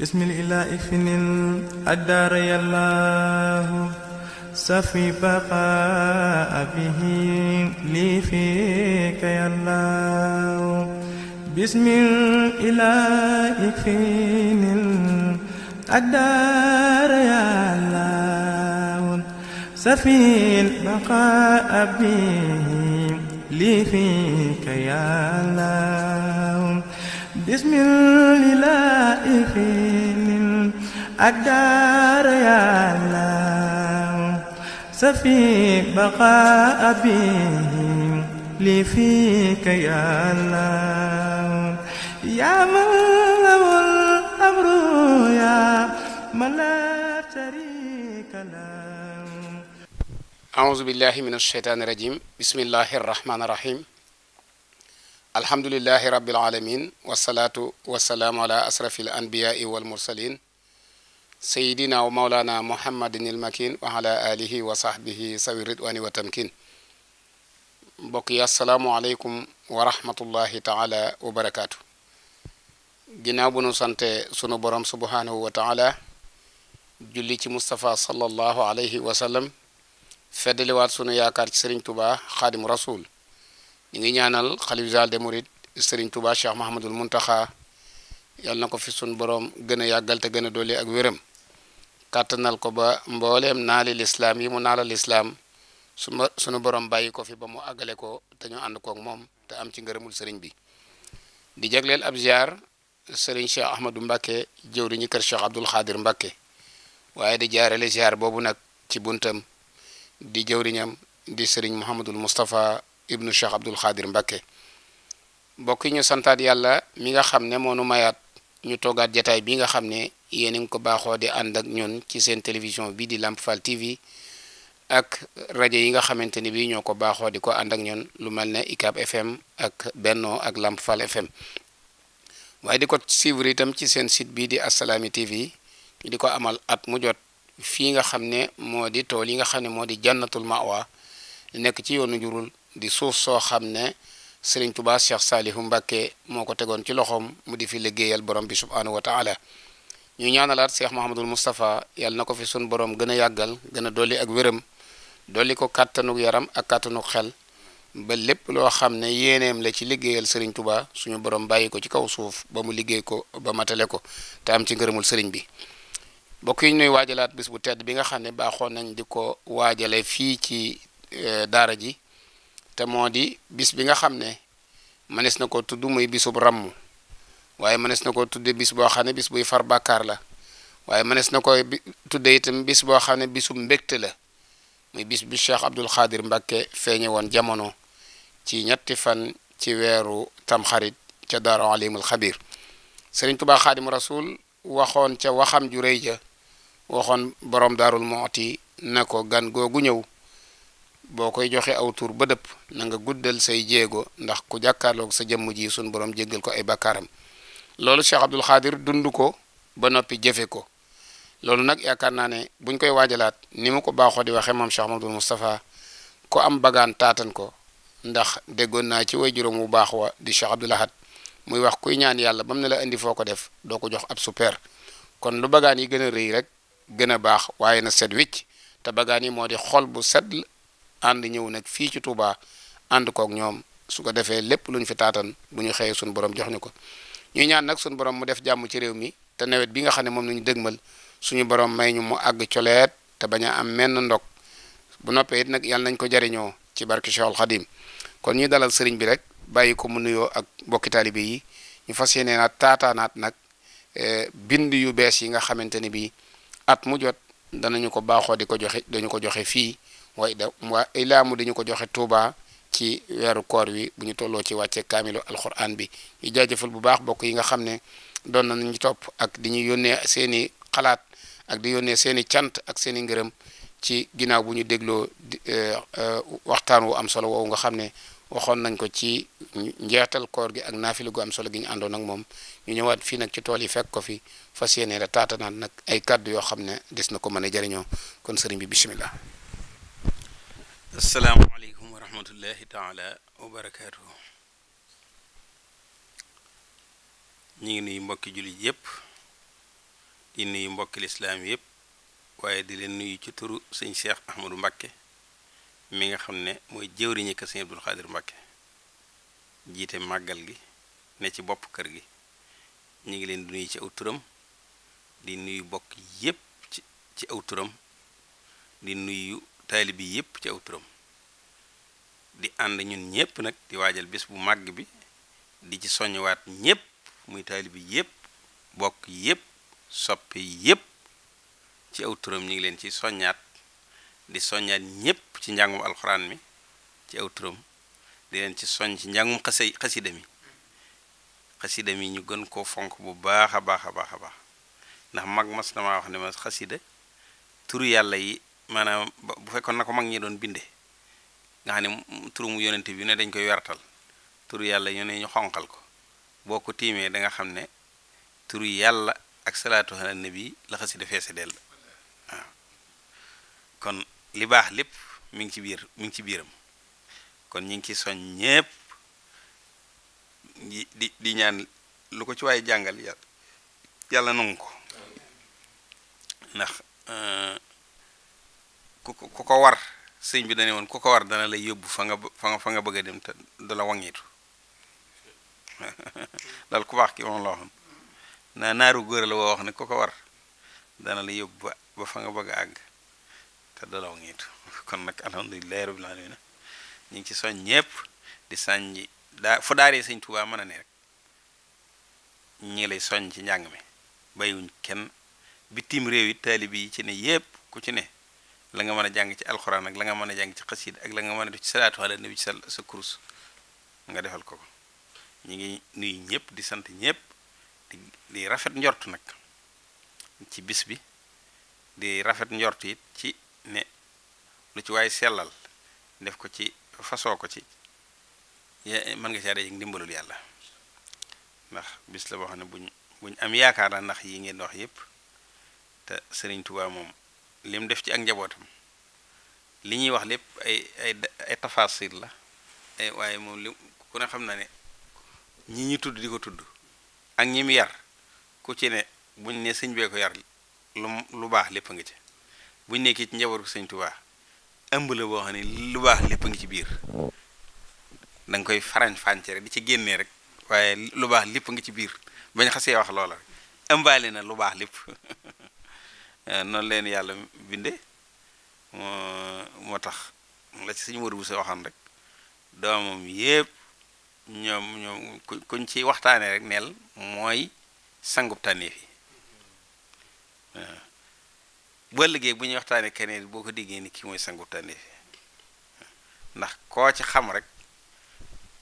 بسم الإله فن الدار يا الله سفي بقاء به لي فيك يا الله بسم الإله فن الدار يا الله سفي البقاء به لي فيك يا الله bismillaahi akdaar yaa Allah safi baqa abihim li fika yaa Allah yaa man lahul amru yaa man laa shariika lahu a'uuzu billaahi mina shaytaani rajiim bismillaahi rahmaani rahiim alhamdulilahi rabbil alamin wasalaatu wasalaamu ala asrafi al anbiyai wal mursalin sayidina wa maulana muhammadin il makin wa ala alihi wa sahbihi sawi ridwani wa tamkin mbokk yi asalaamu aleykum wa rahmatullahi taala wa barakaatu ginnaaw bu nu sante sunu borom subhanahu wa taala julli ci moustapha sallallahu alayhi wa sallam feddaliwaat sunu yaakaar ci sëriñ tubaa xaadim rasul ñu ngi ñaanal xalif général des mourides Serigne Touba Cheikh Mahamadul Muntaxa yal na ko fi sun borom gën a yàggal te gën a doole ak wéram kàttanal ko ba mboolem naali lislaam yi mu naalal lislaam sunu borom bàyyi ko fi ba mu àggale ko te ñu ànd koog moom te am ci ngërëmul sëriñ bi di jagleel ab ziar sëriñ Cheikh mbake Mbacké jëwriñu kër Cheikh Abdoul Khadir Mbacké waaye di jaarale ziar boobu nag ci buntam di jëwriñam di sëriñ Mouhamadul Moustapha ibnu Cheikh Abdul Xaadir Mbakke mbokk yi ñu santaat yàlla mi nga xam ne moo nu mayaat ñu toogaat jataay bi nga xam ne yéen a ngi ko baaxoo di ànd ak ñun ci seen télévision bii di Lamp Fall TV ak rajo yi nga xamante ni bii ñoo ko baaxoo di ko ànd ak ñun lu mel ne ICAP FM ak Benno ak Lamp Fall FM waaye di ko suivre itam ci seen sit bii di Assalaamy TV di ko amal at mu jot fii nga xam ne moo di tool yi nga xam ne moo di jannatul mawa nekk ci yoonu njurul di suuf soo xam ne sëriñ Tuubaa Cheikh Saalihu Mbàkke moo ko tegoon ci loxoom mu di fi liggéeyal borom bi subhaanahu wa taala ñu ñaanalaat Cheikh Mahamadul Moustapha yàlla na ko fi sun borom gën a yàggal gën a dolli ak wéram dolli ko kàttanuk yaram ak kàttanuk xel ba lépp loo xam ne yéeneem la ci liggéeyal sëriñ Tuubaa suñu borom bàyyi ko ci kaw suuf ba mu liggéey ko ba matale ko te am ci ngërëmul sëriñ bi mbokk yi ñuy waajalaat bis bu tedd bi nga xam ne baaxoon nañ di ko waajale fii ci eh, daara ji te moo di bis bi nga xam ne mënees na ko tudd muy bisub ràmm waaye mënees na ko tudde bis boo xam ne bis buy far bàkkaar la waaye mënees na ko tudde itam bis boo xam ne bisub mbégte la muy bis bi Cheikh Abdoul Khadir Mbacké feeñe woon jamono ci ñetti fan ci weeru tamxarit ca Daaru Alimul Xabir Sëriñ Tuubaa Xaadimu Rasuul waxoon ca waxam ju rëy ja waxoon borom Daarul Muhti na ko gan googu ñëw boo koy joxe aw tur ba dëpp nanga nga guddal say jéego ndax ku jàkkaarloog sa jëmm ji suñ borom jéggal ko ay bakkaaram loolu Cheikh Abdul Xaadir dund ko ba noppi jëfe ko loolu nag yaakaar naa ne buñ koy waajalaat ni mu ko baaxoo di waxee moom Cheikh Mamadou Moustapha ko am bagaan taatan ko ndax déggoon naa ci way juróom wu baax wa di Cheikh Abdul Ahad muy wax kuy ñaan yàlla bam mu ne la indi foo ko def doo ko jox ab super kon lu bagaan yi gën a rëy rek gën a baax waaye na set wicc te bagaan yi moo di xol bu set ànd ñëw nag fii ci Touba ànd kook ñoom su ko defee lépp lu ñu fi taatan bu ñu xëyee suñu borom jox ñu ko ñu ñaan nag suñu borom mu def jàmm ci réew mi te nawet bi nga xam ne moom la ñu dëgmal suñu borom may ñu mu àgg coleet te bañ a am menn ndog bu noppee it nag yàlla nañ ko jariñoo ci barke Cheikhul kon ñuy dalal sëriñ bi rek bàyyi ko mu nuyoo ak mbokki taalibe yi ñu fas yéene naat taataanaat nag eh, bind yu bees yi nga xamante ni bii at mu jot danañu ko baaxoo di ko joxe dañu ko joxe fii way da wa ilaamu di ko joxe Touba ci weeru koor wi bu ñu tolloo ci wàcce kaamilu alquran bi ñu jaajëfal bu baax bokk yi nga xam ne doon na ñu topp ak di ñu yónnee seen i xalaat ak di yónnee seen i cant ak seen i ngërëm ci ginnaaw bu ñu dégloo eh, eh, waxtaan wu am solo woowu nga xam ne waxoon nañ ko ci njeextal koor gi ak naafila gu am solo gi ñu àndoon ak moom ñu ñëwaat fii nag ci tool yi fekk ko fi fas yéene la taatanaat nag ay kàddu yoo xam ne des na ko mën a kon sëriñ bi bisimilah. asalaamualeykum wa rahmatullahi taala wa barakaatu ñu ngi nuyu mbokki jullit yépp di nuyu mbokki lislaam yépp waaye di leen nuyu ci turu sëñ Cheikh Ahmadou Mbacké mi nga xam ne mooy jëwriñu kër sëñ Abdou Khadre Mbacké jiite màggal gi ne ci bopp kër gi ñu ngi leen di nuyu ci aw di nuyu bokk yépp ci ci aw turam di nuyu taalibe bi yëpp ci aw turam di ànd ñun ñëpp nag di waajal bés bu màgg bi di ci soññwaat ñépp muy taalibe bi yëpp bokk yépp soppe yépp ci aw turam ñu ngi leen ci soññaat di soññaat ñëpp ci njàngum alxuraan mi ci aw turam di leen ci soññ ci njàngum xasay xasida mi xasida mi ñu gën koo fonk bu baax a baax a baax a baax ndax mag mas na maa wax ne ma xasida turu yàlla yi maanaam bu fekkoon na ko mag ñi doon binde nga xam ne turu mu yonente bi ne dañ koy wertal turu yàlla ñu ne ñu xonqal ko boo ko tiimee danga xam ne turu yàlla ak salaatu ala nabi la xasida feese del waaw kon li baax lépp mi ngi ci biir mi ngi ci biiram kon ñu ngi ci soñ ñépp di di ñaan lu ko ci waaye jàngal yàlla yàlla nangu ko ndax euh, ku ko war sëñ bi dane woon ku ko war dana lay yóbbu fa nga fa fa nga bëgg a dem te du la waŋitu dal ku baax ki moom la waxoon naa naaru góor la woo wax ne ku ko war dana la yóbbu ba fa nga bëgg a àgg te du la waŋitu kon nag alhamdulilahi rabbil alamin ñu ngi ci soñ ñépp di sànji daa fu daaree sëñ Tuubaa mën a ne rek ñu ngi lay soñ ci njàng mi bàyyiwuñ kenn bitim réew it taalib yi ci ne yépp ku ci ne la nga mën a jàng ci alxuraan ak la nga mën a jàng ci xasiid ak la nga mën a def ci salaatu sa kurus nga defal ko ko ñu ngi nuyu ñëpp di sant ñëpp di rafet njort nag ci bis bi di rafet njort it ci ne lu ci waaye sellal def ko ci fasoo ko ci mën nga caa yëg ndimbalul yàlla ndax bis la boo xam ne buñ buñ am yaakaar la ndax yi ngeen wax yëpp te Sëriñ Tuubaa moom li def ci ak njabootam li ñuy wax lépp ay ay ay la ay eh, waaye moom li ku ne xam na ne ñi ñu tudd di ko tudd ak ñi yar ku ci ne buñ ne sëñ bee ko yar lu lu baax lépp nga ci buñ nekkee ci njaboot ko sëñ Tuubaa xam ne lu baax lépp ngi ci biir da koy farañ fànce rek di ci génnee rek waaye lu baax lépp a ngi ci biir bañ xasee wax loola rek ëmbaale na lu baax lépp Eh, noonu leen yàlla binde moo tax la ci suñu Modou Bousso waxoon rek doomam yépp ñoom ñoom kuñ ci waxtaane rek neel mooy sangub tànneef yi waaw eh, bu bu ñuy waxtaanee keneen boo ko diggee ni kii mooy sangub tànneef yi eh, ndax koo ci xam rek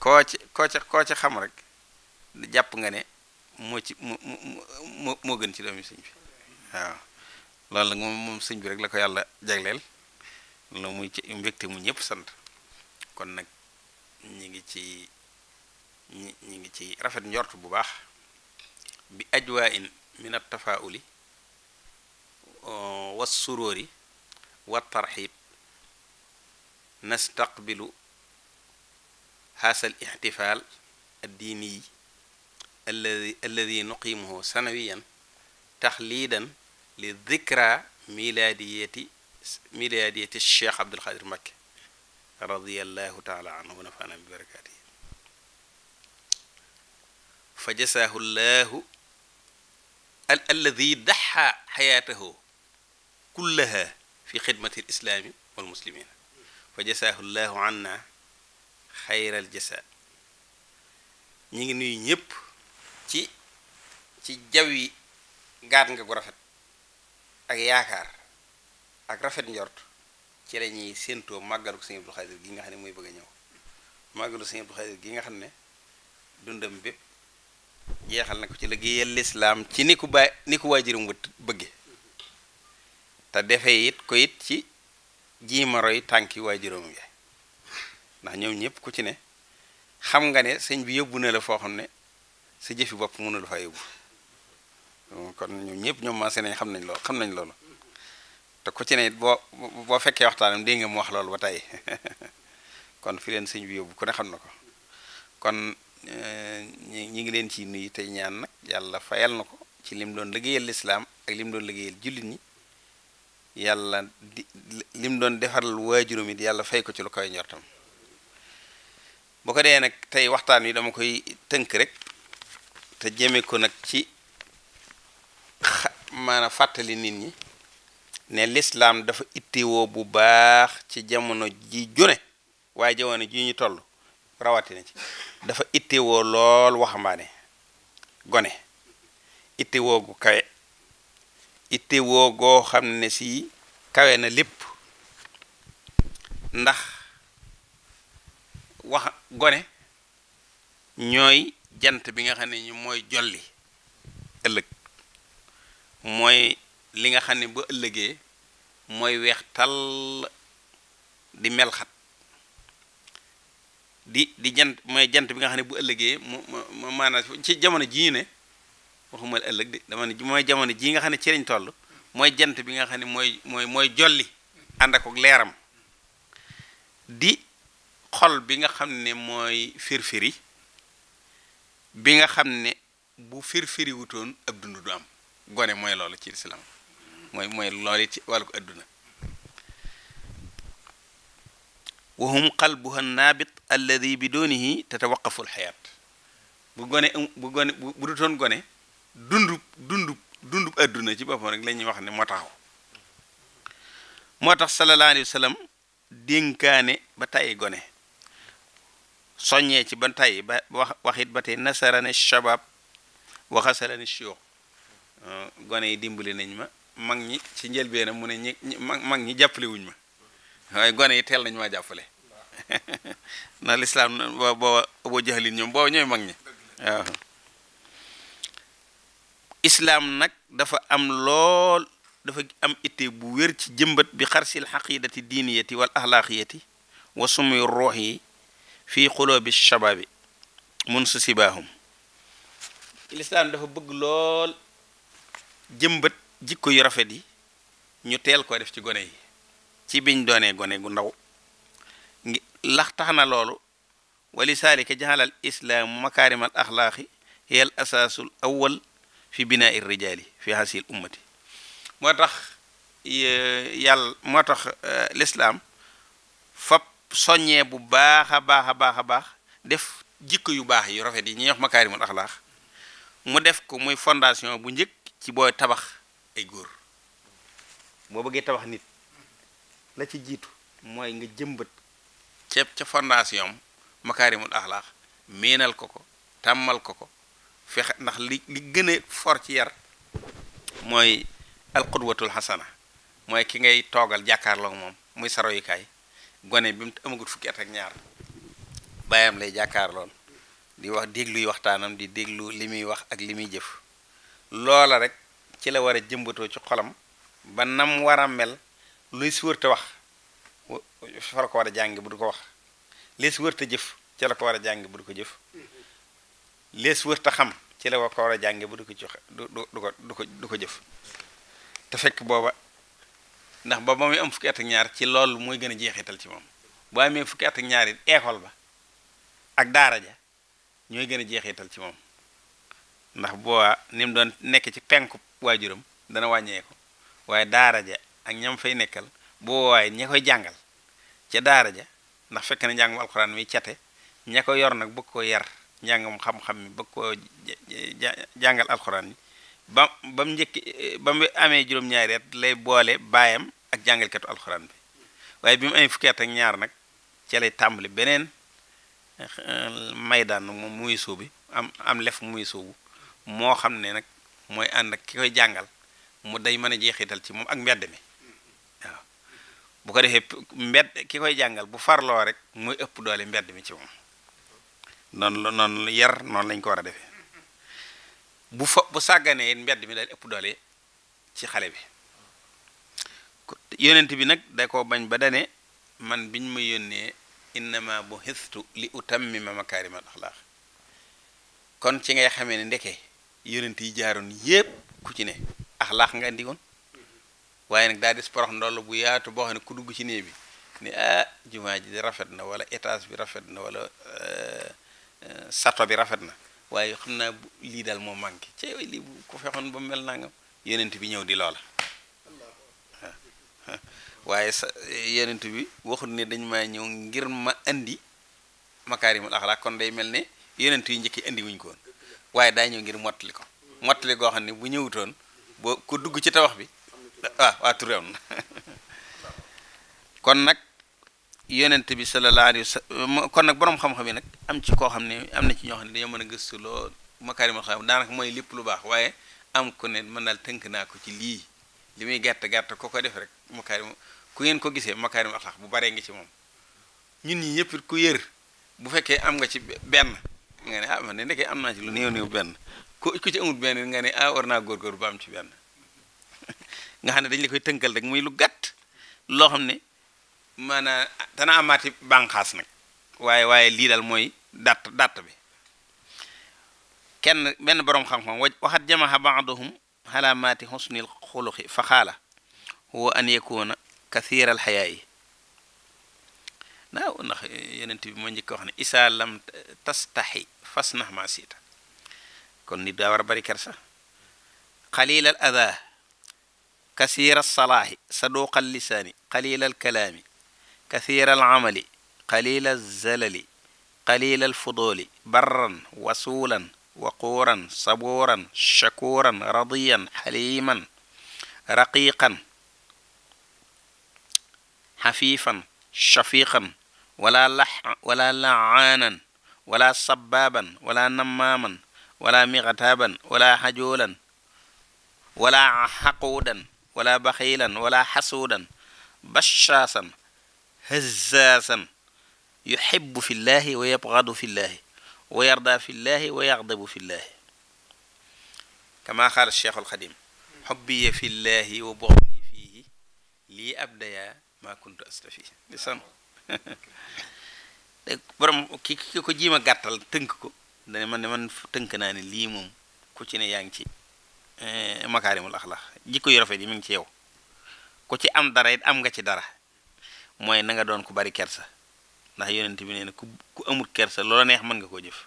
koo ci koo ci koo ci xam rek jàpp nga ne moo ci moo moo gën ci doomi sëñ bi waaw loolu nag moom moom rek la ko yàlla jagleel la muy ci mu ñëpp sant kon nag ñi ngi ci ñi ngi ci rafet njort bu baax bi ajwaa in min at tafaauli wa suróori wa tarxiib nastaqbilu haasal ixtifaal addiini yi alladi alladi nuqiimuhu sanawiyan taxliidan li dikra milaadiyati milaadiyati cheikh Abdul Xaadir Mbakke radiyallahu taala anhu wa nafaana bi barakaatihi fa jasaahu llahu alladi daxa xayaatahu kullaha fi xidmati l islaami wal muslimin fa jasaahu llahu anna xayral jasa ñi ngi nuyu ñépp ci ci jaw yi gaat nga gu rafet ak yaakaar ak rafet njort ci la ñuy séentoo màggalu Sëñ Abdou Khadir gi nga xam ne muy bëgg a ñëw màggalu Sëñ Abdou nga xam ne dundam bépp jeexal na ko ci liggéeyal lislaam ci ni ku baay ni ku waajuram bëgge te defee it ko it ci jiima roy tànki waajuram yi ndax ñëw ñëpp ku ci ne xam nga ne sëñ bi yóbbu na la foo xam ne sa jëfi bopp mënul fa yóbbu kon ñu ñëpp ñoom maase nañ xam nañ loolu xam nañ loolu te ku ci ne boo boo fekkee waxtaan waxtaanam dégg nga mu wax loolu ba tay kon fi leen sëñ bi yóbbu ku ne xam na ko kon eh, ñi ñi ngi leen ci nuyu tey ñaan nag yàlla fayal na ko ci lim doon liggéeyal lislaam ak lim doon liggéeyal jullit ñi yàlla di lim doon defaral waajuram yàlla fay ko ci lu koy njortam bu ko dee nag tey waxtaan wi dama koy tënk rek te jëme ko nag ci mën a fàttali nit ñi ne lislaam dafa ittiwoo bu baax ci jamono ji june waaye jamono ji ñu toll rawatina ci dafa ittiwoo lool waxambaane gone ittiwoo gu kawe ittiwoo goo xam ne si kawe na lépp ndax wax gone ñooy jant bi nga xam ne ñu mooy jolli ëllëg mooy li nga xam ne ba ëllëgee mooy weex tal di melxat di di jant mooy jant bi nga xam ne bu ëllëgee mu maanaam ci jamono jii ne waxuma ëllëg de dama ne mooy jamono jii nga xam ne ci lañ toll mooy jant bi nga xam ne mooy mooy mooy jolli ànd ak leeram di xol bi nga xam ne mooy firfiri bi nga xam ne bu firfiri wutoon ab dund du am gone mooy loolu ci lislaam ci wàllu ko adduna wa hum qalbuha naabit alladi bi doonihi tatawaqafu alxayaat bu gone bu gone bu dutoon gone dundub dundub dundub adduna ci boppam rek la ñuy wax ne moo taxaw moo tax sallallahu alayhi wa ba tàyyi gone soññee ci ba tàyyi ba waxit ba tey nasarane shabab wa xasalane Euh, gone yi dimbali nañ ma mag ñi ci njëlbeenam mu ne ñi mag mag ñi jàppale wuñ ma waaye gone yi teel nañ ma jàppale na lislaam na boo boo boo jaxlin ñoom mag ñi islaam nag dafa am lool dafa am itte bu wér ci jëmbat bi xarsil xaqidati diiniyati wal axlaaqiyati wa sumuy ruux yi fii xuloobi shabaabi mun su sibaahum lislaam dafa bëgg lool jëmbat jikko yu rafet yi ñu teel ko def ci gone yi ci biñ doonee gone gu ndaw lax tax na loolu wali saalika jaxalal islaamu makaarimal axlaaqi hiyal asaasul awwal fi binaa ir rijaali fi hasil ummati moo tax yàlla moo tax euh, lislaam fab soññee bu baax a baax a baax a baax def jikko yu baax yu rafet yi ñuy wax makaarimal axlaaq mu def ko muy fondation bu njëkk ci booy tabax ay góor boo bëggee tabax nit la ci jiitu mooy nga jëmbat ceeb ca fondation am makaarimul axlaax meenal ko ko tàmmal ko ko fexe ndax li li gën a for ci yar mooy alqudwatul xasana mooy ki ngay toogal jàkkaarloog moom muy saroyukaay gone bi mu amagut fukki ak ñaar bàyyam lay jàkkaarloon di wax dégluy waxtaanam di déglu li muy wax ak li muy jëf loola rek ci la war a jëmbatoo ci xolam ba nam war a mel luy si wërta wax fa la ko war a jàng bu du ko wax lees wërta jëf ci la jàng bu du ko jëf lees wërta xam ci la ko war a jàng bu du ko joxe du ko du ko du ko jëf te fekk booba ndax ba ba muy am fukki at ñaar ci loolu mooy gën a jeexeetal ci moom boo amee fukki at ñaar it école ba ak daara ja ñooy gën a jeexeetal ci moom ndax boobaa ni mu doon nekke ci penk waa waajuram dana wàññeeku waaye daara ja ak ñam fay nekkal boo waaye ña koy jàngal ca daara ja ndax fekk na njàngum alxuraan mi cate ña ko yor nag bëgg koo yar njàngum xam-xam bëgg koo jàngal alxuraan yi ba ba mu njëkk ba amee juróom-ñaari lay boole baayam ak jàngalkatu alxuraan bi waaye bi mu amee fukki at ñaar nag ca lay tàmbali beneen eh, maydaan moom muy suubi am am lef muy suubu moo xam ne nag mooy ànd ak ki koy jàngal mu day mën a jeexital ci moom ak mbedd mi waaw bu ko defee ki koy jàngal bu farloo rek mooy ëpp doole mbedd mi ci moom noonu la noonu lañ ko war a defee bu fa sàgganee mbedd mi daal ëpp doole ci xale bi yonent bi nag da ko bañ ba dane man biñ ma yónnee innama bu histu li utammima makaarimal axlaaq kon ci ngay xamee ne ndeke yonent yi jaaroon yépp ku ci ne axlaax nga indi woon waaye nag daa des porox bu yaatu boo xam ne ku dugg ci néeg bi ni ah jumaa ji rafet na wala étage bi rafet na wala euh, euh, sato bi rafet na waaye xam naa lii daal moom manqué ci way lii bu ko fexoon ba mel nangam yonent bi ñëw di loola waaye sa yonent bi waxut ne dañ ma ñëw ngir ma indi makaarimul axlaaq kon day mel ne yonent yi njëkk indi wuñ ko waaye daa ñëw ngir mottali ko mottali koo xam ne bu ñëwutoon boo ko dugg ci tabax bi ah waa tur am na kon nag yonent bi sallallahu alayhi kon nag borom xam-xam yi nag am ci koo xam ne am na ci ñoo xam ne dañoo mën a gëstu loo makaarimul xam daanaka mooy lépp lu baax waaye am ku ne mën daal tënk naa ko ci lii li muy gàtt gàtt ko ko def rek makaarim ku ngeen ko gisee makaarim axlaax bu baree ngi ci moom ñun ñi ñëpp ku yër bu fekkee am nga ci benn nga ne ah man de ndeke am naa ci lu néew néew benn ku ku ci amul benn nga ne ah war naa góorgóor ba am ci benn nga xam ne dañ la koy tënkal rek muy lu gàtt loo xam ne maanaam ah, dana amaati bànqaas nag waaye waaye lii daal mooy dàtt dàtt bi kenn benn boroom xam-xam waxat jamaha baaduhum xalaamaati xusnil xuluxi fa xaala huwa an yakuna kathiral xayaa yi naaw ndax eh, yonent bi moo njëkk wax ne isaa lam tastaxi fas nax maa siita kon nit daa war a bari kersa qalil al adaa kasir al salaahi saduq al lisaani qalil al kalaami kasir al amali qalil al zalali qalil al fudooli barran wasuulan waquuran sabuuran shakuuran radiyan xaliiman raqiqan xafiifan shafiqan wala la wala laanan wala sabaaban wala namaaman wala miqataaban wala xajoolan wala xaquudan wala baxiilan wala xasuudan bashaasan hazaasan yuxibu fi llaahi wa yabgadu fi llaahi wa yarda fi llaahi wa yaxdabu fi llaahi kama qaal cheikh alxadim xubbiya fi llaahi wa buxdiyi fiihi lii abdayaa maa kuntu astafi borom ki ki ko jiima gàttal tënk ko dane man ne man tënk naa ne lii moom ku ci ne yaa ngi ci eh, makaarimul axlaax jikko yu rafet yi mu ngi ci yow ku ci am dara it am nga ci dara mooy na nga doon ku bari kersa ndax yonent bi nee na ku ku amul kersa loola neex mën nga koo jëf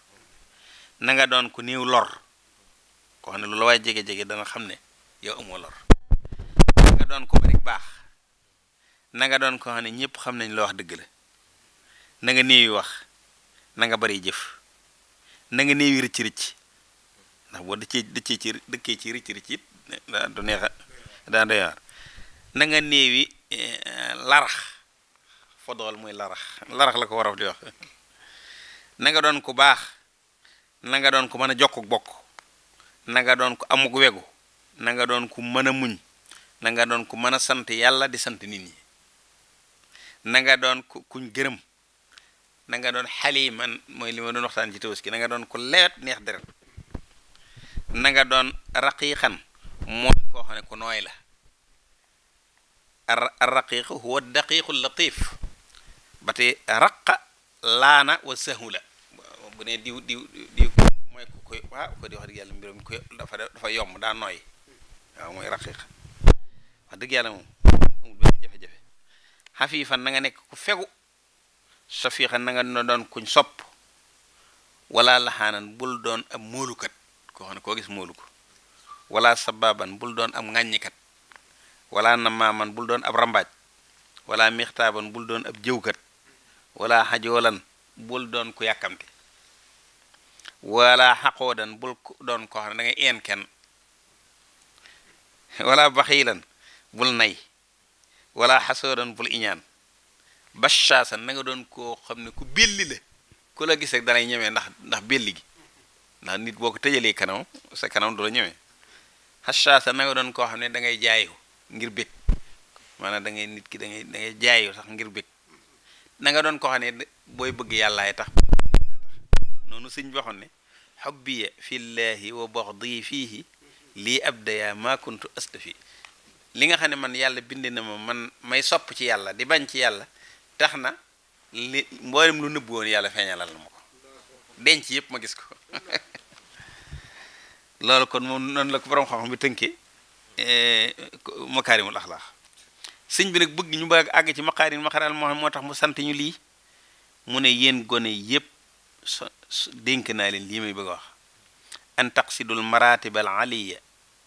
na nga doon ku néew lor koo xam ne lu la waay jege-jege dana xam ne yow amoo lor na doon ku bari baax na nga doon ko xam ne ñëpp xam nañ la wax dëgg la na nga néewi wax na nga bari jëf na nga néewi rëcc rëcc ndax boo dëccee dëccee ci dëkkee ci rëcc rëcc it eh, du neexa daa doy waar na nga néewi eh, larax fodool muy larax larax la ko war a di wax na nga doon ku baax na nga doon ku mën a jokk bokk na nga doon ku amuk wegu na nga doon ku mën a muñ na nga doon ku mën a sant yàlla di sant nit ñi na nga doon ku kuñ gërëm na nga doon xaliman mooy li ma doon waxtaan ci tabaski na nga doon ku lewet neex deret na nga doon raqiqan mooy koo xam ne ku nooy la ar huwa daqiqu latif ba raqa laana wa sahu la bu ne diw diw diw mooy ku koy ko di wax dëgg yàlla mbiram koy dafa dafa yomb daa nooy waaw mooy raqiq wax dëgg yàlla xafiifan na nga nekk ku fegu safiixan na nga doon kuñ sopp wala laxaanan bul doon ab móolukat koo xam ne koo gis móolu ko wala sabaaban bul doon ab ŋàññikat wala namaaman bul doon ab rambaaj wala mixtaaban bul doon ab jëwkat wala xajoolan bul doon ku yàkkamte wala xaqoodan bul doon koo xam ne da ngay een kenn bul nay wala xasoodan bul iñaan bashaasan nanga doon koo xam ne ku belli la ku la gis rek danay ndax ndax belli gi ndax nit boo ko tëjalee kanam sa kanam du la ñemee xasaasan na doon koo xam ne dangay ngay jaayu ngir bég maanaam da ngay nit ki da ngay da sax ngir bég na nga doon koo xam ne booy bëgg yàllaay tax noonu sëñ bi waxoon ne xobbiya fillahi wa baxdi fiihi lii abdaya ma kuntu astafi li nga xam ne man yàlla bind na ma man may sopp ci yàlla di bañ ci yàlla tax na li mboolem lu nëbb woon yàlla feeñalal na ma ko denc yëpp ma gis ko loolu kon moom noonu la ko borom xam-xam bi tënkee e, makaarimul axlaax sëñ bi nag bëgg ñu bëgg àgg ci makaarim makaaral moo xam moo tax mu sant ñu lii mu ne yéen gone yëpp so dénk naa leen lii may bëgg a wax an taqsidul maratib al aliya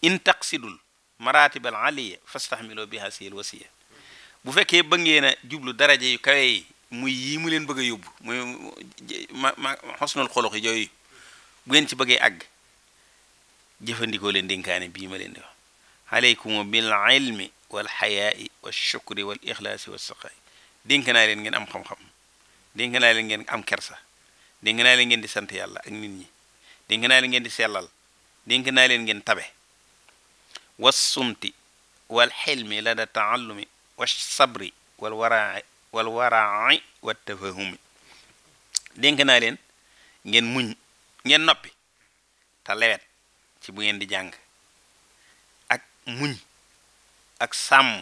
in taqsidul maratibal aliya fastahmiloo biha siyal wasiya bu fekkee ba ngeen a jublu daraja yu yi muy yii mu leen bëgg a yóbbu muy ma ma yi yooyu bu ngeen ci bëggee àgg jëfandikoo leen dénkaane bii ma leen di wax aleykum bil ilmi wal xayaai wa shukri wal ixlaasi wa saqaay dénk naa leen ngeen am xam-xam dénk leen ngeen am kersa dénk naa leen ngeen di sant yàlla ak nit ñi dénk naa ngeen di sellal dénk naa leen ngeen tabe wassumti walxilmi lada taallumi wasabri walwarai walwarai wattafahumi dénk naa leen ngeen muñ ngeen noppi te lewet ci bu ngeen di jàng ak muñ ak sàmm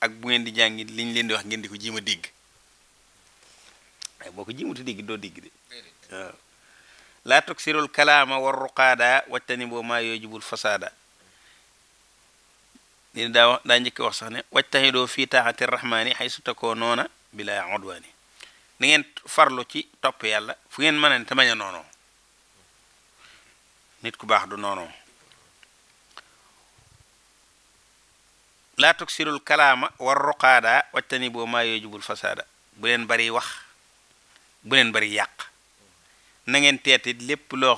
ak bu ngeen di jàng li leen di wax ngeen di ko jiima digg waaye boo ko jiimuti digg doo digg de laa tuksirul kalaama war ruqaada wajtanibu maa yoojibul fasaada ni daa wax daa njëkk wax sax ne wajtahidoo fii taaxati rahmaani xaysu takoo noona bila udwaani ni ngeen farlu ci topp yàlla fu ngeen mën a ne te bañ noonoo nit ku baax du noonoo laa tuksirul kalaama war ruqaada wajtani boo maa yoojubul fasaada bu leen bari wax bu leen bari yàq na ngeen teetit lépp loo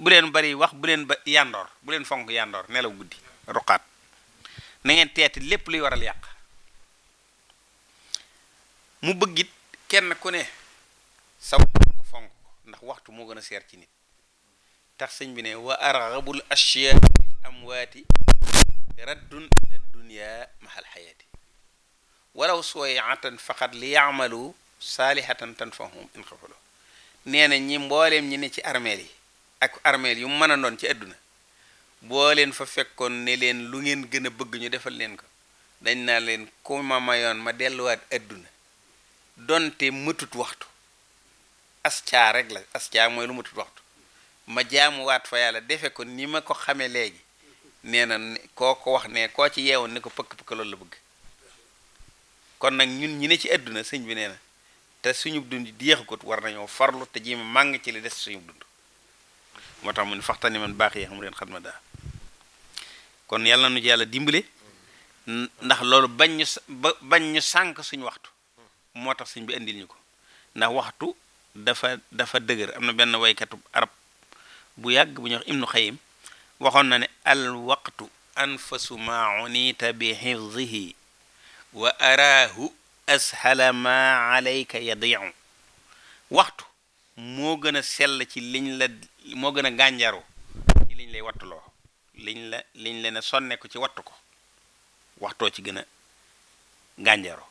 bu leen bari wax bu leen ba yandoor bu leen fonk yandoor nelaw guddi ruqaat na ngeen teeti lépp luy waral yàq mu bëggit kenn ku ne sa waxtu fonk ndax waxtu moo gën a seer ci nit tax sëñ bi ne wa arghabul ashyaa lil amwaati raddun ila dunya mahal xayaati walaw suwayatan faqat li yaamalu saalihatan tanfahum in xafalu nee na ñi mbooleem ñi ne ci armeel yi ak armeel yu mën a doon ci àdduna boo leen fa fekkoon ne leen lu ngeen gën a bëgg ñu defal leen ko dañ naa leen ku ma mayoon ma delluwaat àdduna donte mëtut waxtu ascaa rek la ascaa mooy lu mëtut waxtu ma jaamuwaat fa yàlla defe ko ni ma ko xame léegi nee na koo ko wax ne koo ci yeewoon ne ko pëkk-pëkk loolu la bëgg kon nag ñun ñi ne ci àdduna sëñ bi nee na te suñu dund jeexu ko war nañoo farlu te jii ma màng ci li des suñu dund moo tax mu ne faxtani man baax yi xam leen xat ma daa kon yàlla na nu ci yàlla ndax loolu bañ ñu bañ sànq suñu waxtu moo tax suñ bi indi ñu ko ndax waxtu dafa dafa dëgër am na benn waykatu arab bu yàgg bu ñu wax ibnu xayim waxoon na ne al waqtu anfasu ma unita bi xifdihi wa araahu ashala ma alayka yadiu waxtu moo gën a sell ci liñ la moo gën a gànjaru ci liñ lay wattuloo liñ la liñ leen a sonne ko ci wattu ko waxtoo ci gën a gànjaro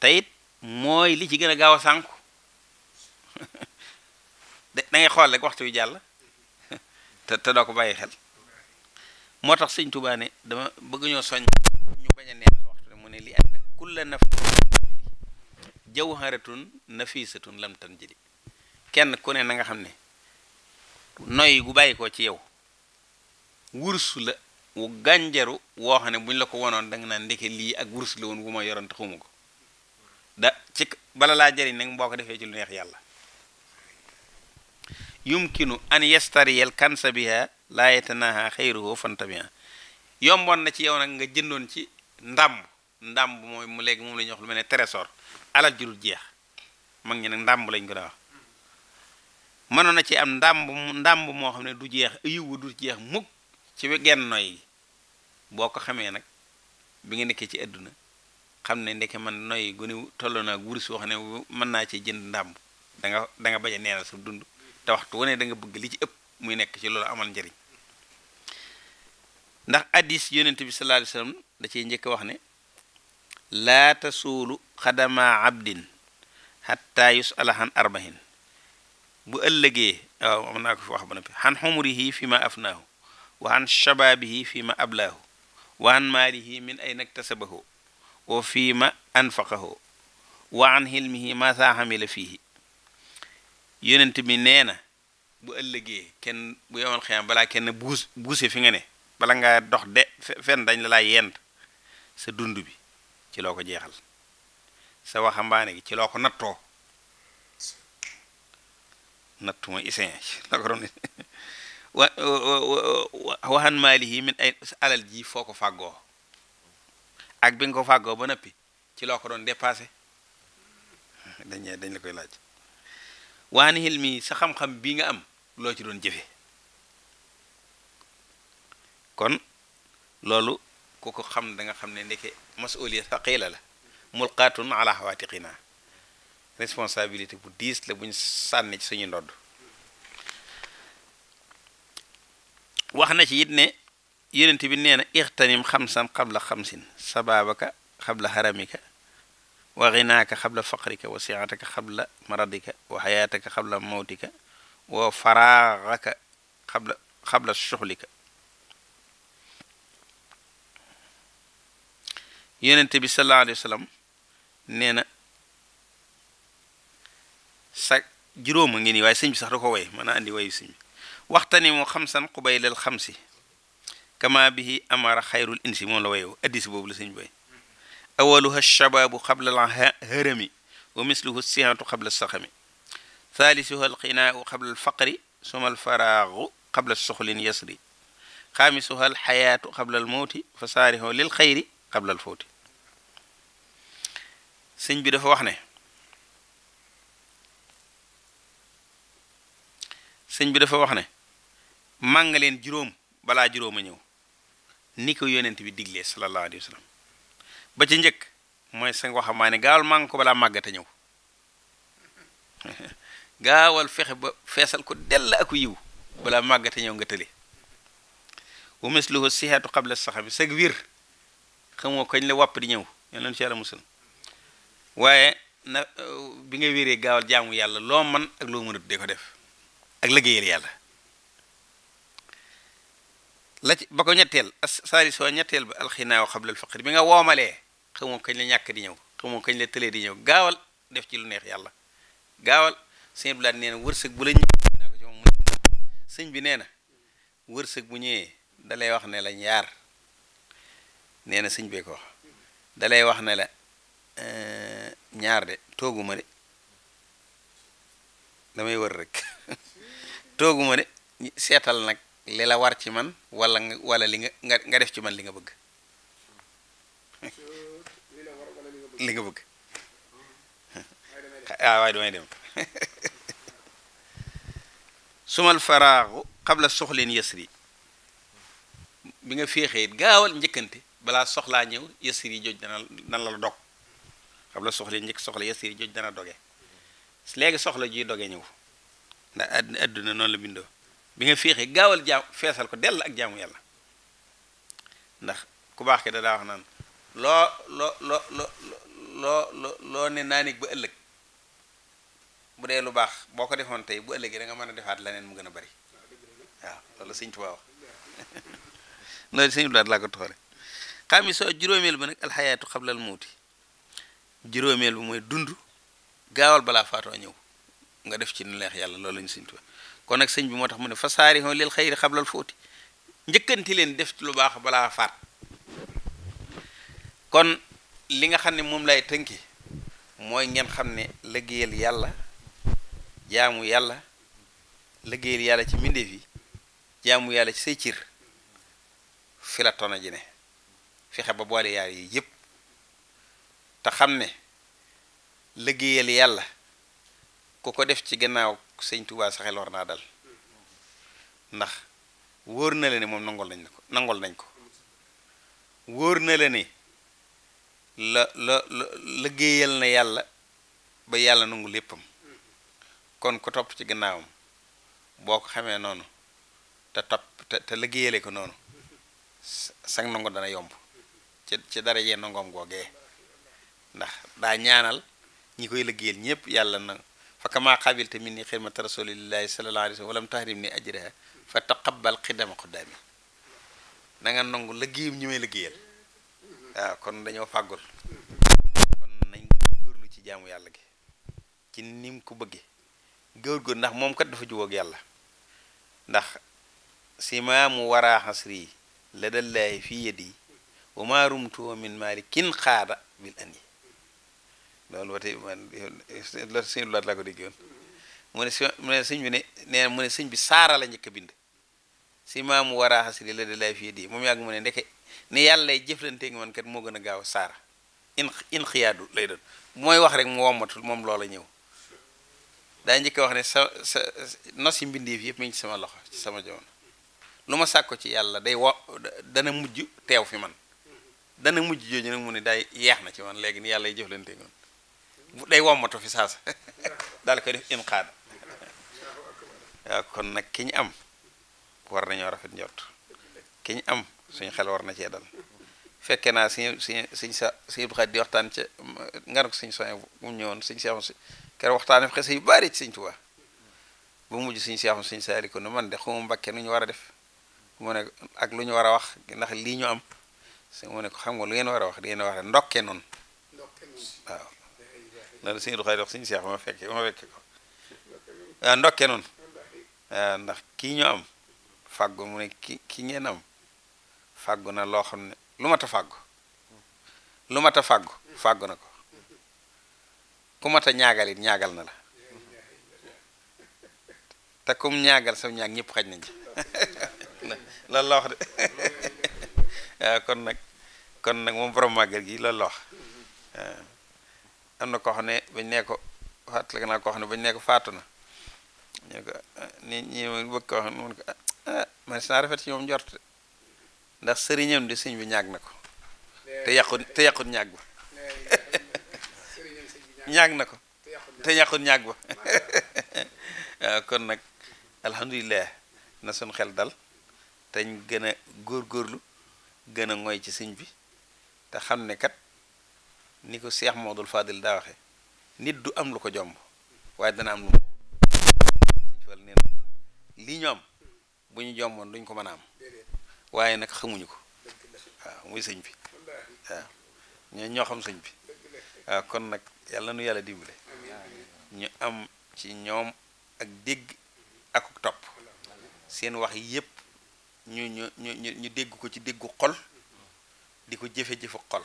teyit mooy li ci gën a gaaw a sànku da ngay xool rek waxtu yu jàll te te doo ko bàyyi xel moo tax sëñ Tuubaa dama bëgg ñoo soññ ñu bañ a neenal waxtu mu ne li anna kulla naf jawharatun nafisatun lam tanjili kenn ku ne na nga xam ne noy gu bàyyi ko ci yow wurus la wu gànjaru woo xam ne buñ la ko wonoon da nga naan ndeke lii ak wurus la woon wu ma yoroon te ko da ci bala laa jëriñ nag boo ko defee ci lu neex yàlla yumkinu an yastariyal kansa biha laa yatanaha xayruhu yomboon na ci yow nag nga jëndoon ci ndàmb ndàmb mooy mu léegi moom lañu wax lu mel ne trésor alal ju dul jeex mag ñi nag ndàmb lañ ko daa wax mënoon na ci am ndàmb ndàmb moo xam ne du jeex yiw du jeex mukk ci genn noy gi boo ko xamee nag bi nga nekkee ci àdduna xam ne ndeke man noy gu ne toll naa wurus wax ne mën naa ci jënd ndàmb danga nga da nga bañ a neenal sa dund te waxtu wu ne da nga bëgg li ci ëpp muy nekk ci loolu amal njariñ ndax addis yonent bi sallallahu alayhi da ciy njëkk wax ne laa tasuulu xadama abdin xatta yusala xan arbahin bu ëllëgee waaw am naa ko fi wax ba noppi xan xumurihi fi ma afnaahu wa an shabaabihi fi ma ablaahu wa an min ayna iktasabahu wa fi ma anfaqahu wa an xilmihi ma saa xamila fiihi yonent bi nee na bu ëllëgee kenn bu yomal xiyam balaa kenn buus buuse fi nga ne bala nga dox de fenn dañ la laa yend sa dund bi ci loo jeexal sa waxambaane gi ci loo ko nattoo nattu mooy isin wa waxan maalihi min ay alal ji foo ko fàggoo ak bi ko fàggoo ba noppi ci loo ko doon dépassé dañ dañ la koy laaj waani hilmi sa xam-xam bii nga am loo ci doon jëfe kon loolu ku ko xam da nga xam ne ndeke masuliya thaqila la mulqaatun ala xawaatiqina responsabilité bu diis la buñ sànni ci suñu ndodd wax na ci it ne yonent bi nee na ixtanim xamsan xabla xamsin sababaka xabla haramika wa ginaaka xabla faqrika wa siataka xabla maradika wa xayaataka xabla mawtika wa faraaxaka xabla xabla suxlika yonent bi sallallahu alayhi wa sallam nee na sa juróom a ngi nii waaye sëñ sax da ko way mën a andi wayu sëñ waxtani mu xamsan qubaylal xamsi kama bihi amara xayrul insi moom la wayoo addis boobu la sëñ bay awaluha shababu xabla al harami wa misluhu sihatu xabla saxami thaalithuha alqinaau xabla alfaqri suma alfaraagu xabla soxlin yasri xaamisuha alxayaatu xabla almawti fa saarihoo lil xayri xabla alfawti sëñ bi dafa wax ne sëñ bi dafa wax ne mànga leen juróom balaa juróom a ñëw ni ko yonent bi diglee sallallahu alayhi wa sallam ba ci njëkk mooy sa waxambaane gaawal màng ko balaa màggate ñëw gaawal fexe ba feesal ko dell aku yiw balaa màggate ñëw nga tële wa misluhu sihatu qabla saxami sag wir xamoo kañ la wàpp di ñëw yàlla ci yàlla musal waaye na uh, bi nga wéree gaawal jaamu yàlla loo man ak loo mënut de ko def ak liggéeyal yàlla la ci ba ko ñetteel saari soo ñetteel ba alxinaaw xablal faqir bi nga woomalee xamoo kañ la ñàkk di ñëw xamoo kañ la tëlee di ñëw gaawal def ci lu neex yàlla gaawal sëñ bi nee na wërsëg bu la ñëw naa ko ci moom sëñ bi nee na wërsëg bu ñëwee dalay wax ne la ñaar nee na sëñ bee ko wax dalay wax ne la euh, ñaar de tooguma de damay wër rek tooguma de seetal nag li la war ci man walla nga wala li nga nga nga def ci man li nga bëgg li nga bëgg ah waaye damay dem sumal faraaxu xabla soxlin yësri bi nga féexee it gaawal njëkkante balaa soxlaa ñëw yësri joj dana dana la dog xabla soxlin njëkk soxla yësri jooj dana doge léegi soxla ji doge ñëw ndax àdduna noonu la bindoo bi nga féexee gaawal jaam feesal ko dell ak jaamu yàlla ndax ku baax ki da daa wax naan loo loo loo loo loo loo ne ba ëllëg bu dee lu baax boo ko defoon tey bu ëllëg da nga mën a defaat leneen mu gën a bari waaw loolu sëñ Tuubaa wax loolu sëñ Tuubaa laa ko toore xam mi soo juróomeel bi nag alxayaatu xablal muuti juróomeel bi mooy dund gaawal balaa faatoo ñëw nga def ci nu leex yàlla loolu lañu sëñ Tuubaa kon nag sëñ bi moo tax mu ne fa saarihon lil xayri xablal fóoti njëkkanti leen def lu baax balaa faat kon li nga xam ne moom lay tënki mooy ngeen xam ne liggéeyal yàlla jaamu yàlla liggéeyal yàlla ci mbindeef yi jaamu yàlla ci say cir fi la tona ji ne fexe ba boole yaar yi yépp te xam ne liggéeyal yàlla ku ko def ci gannaaw sëñ Touba saxel war naa dal ndax wóor na leen ne moom nangol nañ ko nangool nañ ko wóor na la ne la la liggéeyal na yàlla ba yàlla nangu léppam kon ko topp ci gannaawam boo ko xamee noonu te topp te liggéeyale ko noonu sag nangoo dana yomb ci ci dara jee nangoom googee ndax daa ñaanal ñi koy liggéeyal ñépp yàlla na fa kamaa xaabilta min ni xidmata rasulillahi sallallahu alayhi wasallam walam tahrim ni ajraha fa taqabbal xidama xuddaami na nga nangu liggéeyam ñi may liggéeyal waaw kon dañoo fàggul kon nañ lu ci jaamu yàlla gi ci nim ko bëgge góor góor ndax moom kat dafa jubóog yàlla ndax simaamu waraa xasri la dallaahi fi yadi wa maa rumtu min maali kin xaada bil ani loolu ba tey man loolu sëñ laa ko déggee woon mu ne si mu ne sëñ bi ne nee mu ne sëñ bi saara la njëkk bind si maamu waraa xasili la di lay fii di moom yàgg mu ne ndeke ni yàlla lay jëflanteeg man moo gën a gaaw saara in in mooy wax rek mu wommatul moom loola ñëw daa wax ne sa sa nos yi mbindeef yëpp mi ngi ci sama loxo sama jamono lu ma sàkko ci yàlla day wo mujj teew fi man dana mujj jooju nag mu ne day yeex na ci man léegi ni yàlla lay jëflanteeg man day wommatu fi saasa daal ko def imqaad waaw kon nag ki ñu am war nañoo rafet njort ki ñu am suñ xel war na cee dal fekkee naa suñu suñ sa suñu Abdou di waxtaan ca nga ne ko suñu soxna mu ñëwoon suñu seexam si keroog waxtaanee xase yu bari ci bu mujj suñu seexam suñu saali ko nu man de xamu Mbàkke nu ñu war a def mu ak lu ñu war a wax ndax lii ñu am si mu ne ko xam nga lu ngeen war a wax di ngeen war a ndokke noonu waaw. loolu suñu ruxaay wax suñu seex ba ah, ah, ndax kii ñu am fàggu mu ne ki kii ngeen am fàggu na loo xam ne lu mat a fàggu lu mat a fàggu fàggu na ko ku mat a ñaagal it ñaagal na la te kum ñaagal sam ñaag ñëpp xaj nañ ci loolu de ah, kon nag kon nag moom borom màggal gi loolu la am na koo xam ne bañ nee ko fàttali koo xam ne bañ nee ko faatu na ñu ko ni ñi bëgg koo xam ne mun ah, si naa rafet ci ñoom njort ndax sëriñam di sëñ bi ñaag na ko te yàqut te yàqut ñaag ba ñaag na ko te yàqut ñaag ba kon nag alhamdulilah na suñ xel dal teñ gën a góor góorlu gën a ngoy ci siñ bi te xam ne kat ni ko Cheikh Modou Fadil daa waxe nit du am lu ko jomb waaye dana am lu mu neen lii ñoom bu ñu jomboon duñ ko mën a am waaye nag xamuñu ko waaw muy sëñ bi waaw ñoo ñoo xam sëñ bi waaw kon nag yàlla nu yàlla dimbale ñu am ci ñoom ak dégg ak topp seen wax yépp ñu ñu ñu ñu dégg ko ci déggu xol di ko jëfe jëfu xol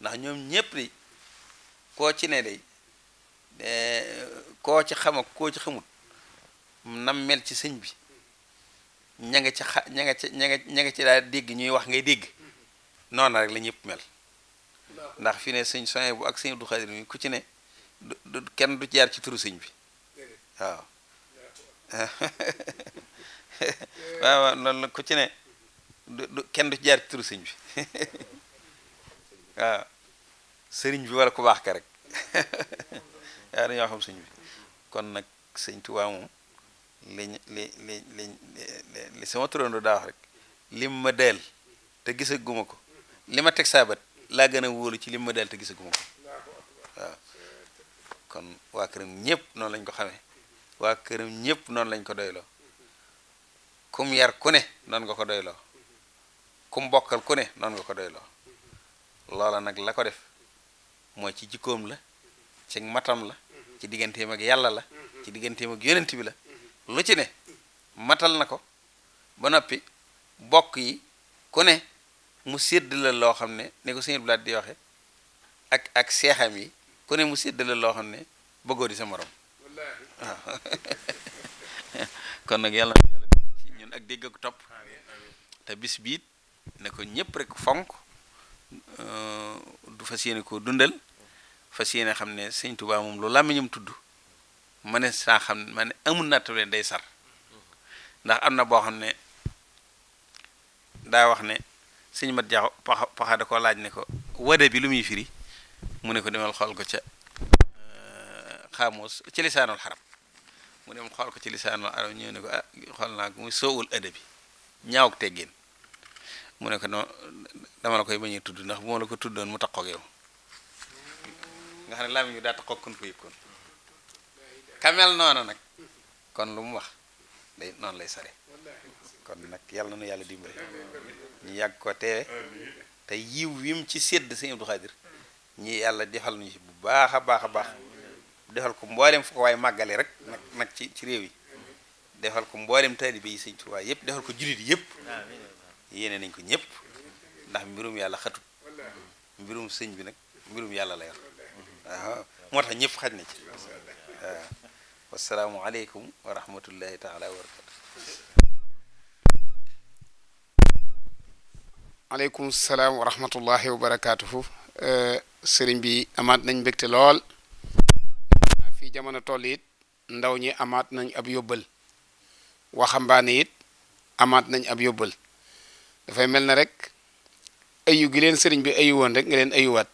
ndax ñoom ñépp di koo ci ne day koo ci xam koo ci xamut nam mel ci sëñ bi ña nga ci xa ña nga ci ña ña nga ci daal dégg ñuy wax ngay dégg noona rek la ñëpp mel ndax fi ne sëñ soe bu ak sëñ du Khadir mi ku ci ne du kenn du jaar ci turu sëñ bi waaw waaw waaw loolu ku ci ne du kenn du jaar ci turu sëñ bi waaw ah, sëriñ bi wala ku baax ka rek waaw ah, dañoo xam sëñ bi kon nag sëñ Tuubaa moom li li li li li sama turando daa wax rek lim ma dell te gisaguma ko li ma teg saabat laa gën a wóolu ci lim ma del te gisaguma ko waaw kon waa këram ñëpp noonu lañ ko xamee waa këram ñëpp noonu lañ ko doyloo kum yar ku ne noonu nga ko doyloo kum bokkal ku ne noonu nga ko doyloo loola nag la ko def mooy ci jikkoom la ci matam la ci digganteem ak yàlla la ci digganteem ak yonent bi la lu ci ne matal na ko ba noppi bokk yi ku ne mu sédd la loo xam ne ni ko di waxe ak seexam yi ku mu sédd loo xam ne bëggoo di sa morom kon nag yàlla na yàlla ñun ak dégg ak topp te bis biit na ko ñëpp rek fonk Euh, du fas yéene koo dundal fas yéene xam ne sëñ Tuubaa moom lu làmmiñam tudd ma ne saa xam ma ne amul leen day sar ndax am na boo xam ne daa wax ne sëñ mat jaxu paxa da koo laaj ne ko wade bi lu muy firi mu ne ko demal xool ko ca euh, xaamoos ci lisaanul xarab mu dem xool ko ci lisaanul arab ñëw ne ko ah xool naa ko muy soowul adabi ñaawuk teggin mu ne ko dama la koy bañ tudd ndax moo la ko tuddoon mu taqoog yow nga xam ne làmmiñ bi daa taqoog kon ko yëg kon kamel noonu nag kon lu mu wax day noonu lay sare kon nag yàlla na nu yàlla dimbale ñu yàgg ko teewe te yiw wim ci sédd sëñ Abdou Khadir ñi yàlla defal ñu ci bu baax a baax a baax defal ko mboolem fu ko waaye màggale rek nag nag ci ci réew yi defal ko mboolem taalibe yi sëñ Tuubaa yëpp defal ko jullit yëpp yéene nañ ko ñëpp ndax mbirum yàlla xatut mbirum sëñ bi nag mbirum yàlla la moo tax ñëpp xaj na ci waaw wasalaamualeykum wa rahmatullahi taala wa barakatu salaam wa rahmatullahi wa barakaatuhu euh, sëriñ bi amaat nañ mbégte lool fii jamono toll ndaw ñi amaat nañ ab yóbbal waxambaane it amaat nañ ab yóbbal dafay mel na rek ayu gi leen sëriñ bi ayu woon rek nga leen ayuwaat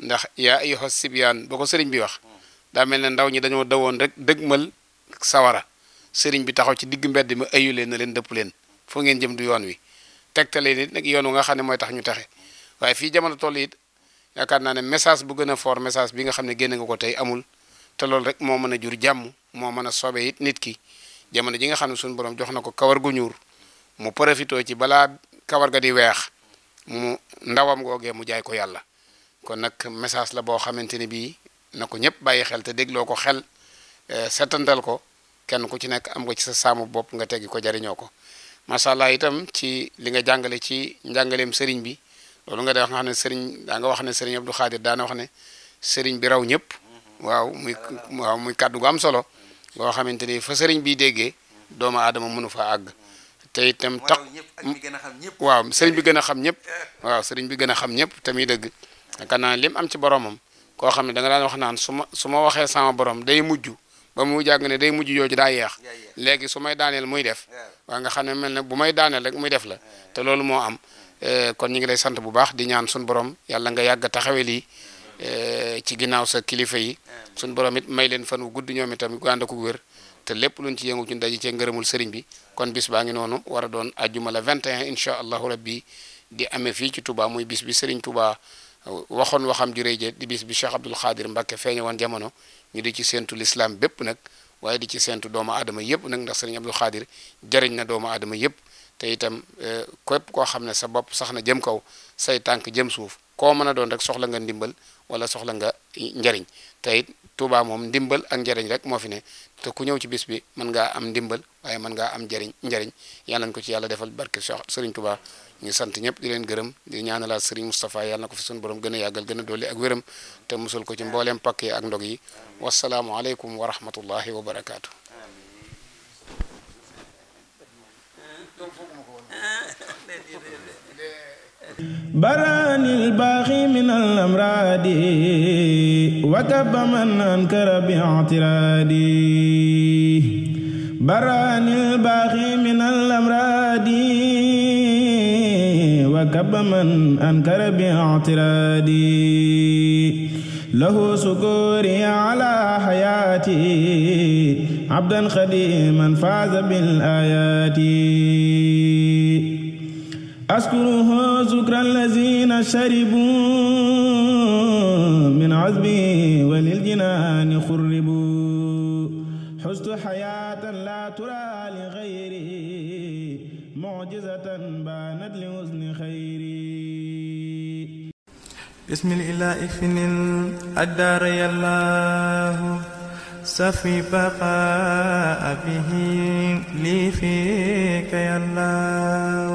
ndax yaa ayu xos sibyaan boo ko sëriñ bi wax daa mel ne ndaw ñi dañoo dawoon rek dëgmal sawara sëriñ bi taxaw ci digg mbedd mi ayu leen na leen dëpp leen foo ngeen jëm du yoon wi tegtale nit nag yoon wu nga xam ne mooy tax ñu taxe waaye fii jamono toll it yaakaar naa ne message bu gën a fort message bi nga xam ne génne nga ko tey amul te loolu rek moo mën a jur jàmm moo mën a sobe it nit ki jamono ji nga xam ne suñu borom jox na ko kawar gu ñuur mu profitoo ci balaa kawar ga di weex mu ndawam googee mu jaay ko yàlla kon nag message la boo xamante ni bii na ko ñëpp bàyyi xel te dégloo ko xel eh, setantal ko kenn ku ci nekk am ko ci sa saamu bopp nga teggi ko jariñoo ko macha allah itam ci li nga jàngale ci njàngaleem sëriñ bi loolu nga da nga xam ne sëriñ daa nga wax ne sëriñ Abdou Khadir daana wax ne sëriñ bi raw ñëpp waaw muy waaw muy kàddu gu am solo loo xamante ni sëriñ bi déggee doomu aadama mënu fa àgg te itam tax waaw sëriñ bi gën a xam ñëpp waaw bi gën a xam ñëpp tamit dëgg yaakaar naa lim am ci boromam koo xam ne da daan wax naan su ma su ma waxee sama borom day mujj ba mu jàng ne day mujj yooju daa yeex léegi su may daaneel muy def waa nga xam ne mel ne bu may daaneel rek muy def la te loolu moo am eh, kon ñu ngi lay sant bu baax di ñaan suñu borom yàlla nga yàgg taxawe lii eh, ci ginnaaw sa kilifa yi suñu borom may leen fan gudd ñoom itam gu ànd ak wér te lépp luñ ci yëngu ci ndaje cee ngërëmul sëriñ bi kon bis baa ngi noonu war a doon vingt la 21 incha allahu rabbi di amee fii ci Touba muy bis bi sëriñ Touba euh, waxoon waxam ju rëy ja di bis bi Cheikh Abdoul Khadir Mbacke feeñe woon jamono ñu di ci séentu l'islam bépp nag waaye di ci séentu doomu aadama yëpp nag ndax sëriñ Abdoul Khadir jëriñ na doomu aadama yëpp te itam euh, képp koo xam ne sa bopp sax na jëm kaw say tànk jëm suuf koo mën a doon rek soxla nga ndimbal wala soxla nga njariñ te it Touba moom ndimbal ak njariñ rek moo fi ne te ku ñëw ci bis bi mën ngaa am ndimbal waaye man ngaa am jariñ njariñ yàlla nañ ko ci yàlla defal barke Cheikh Serigne Touba ñu sant ñëpp di leen gërëm di ñaanalaat Serigne Moustapha yàlla na ko fi suñu borom gën a yàggal gën a dolli ak wéram te musul ko ci mbooleem pakk yi ak ndog yi wasalaamualeykum wa rahmatullahi wa barakaatu. براني الباغي من الأمراض وكب من أنكر باعترادي براني الباغي من الأمراض وكب من أنكر باعترادي له سكوري على حياتي عبدا خديما فاز بالآيات أذكره ذكر الذين شربوا من عذبه وللجنان خربوا حزت حياة لا ترى لغيره معجزة بانت لحسن خيري بسم الإله فن الدار الله سفي بقاء به لي فيك يا الله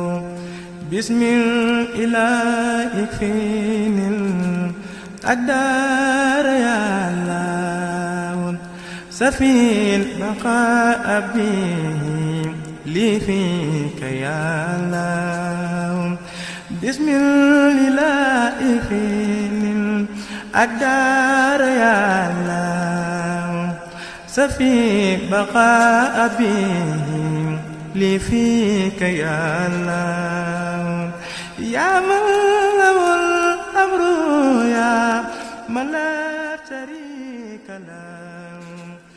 بسم الإله يكفيني القدار يا الله سفي البقاء به لي فيك يا الله بسم الإله يكفيني القدار يا الله سفي البقاء به لي فيك يا الله يا من له الأمر يا من لا شريك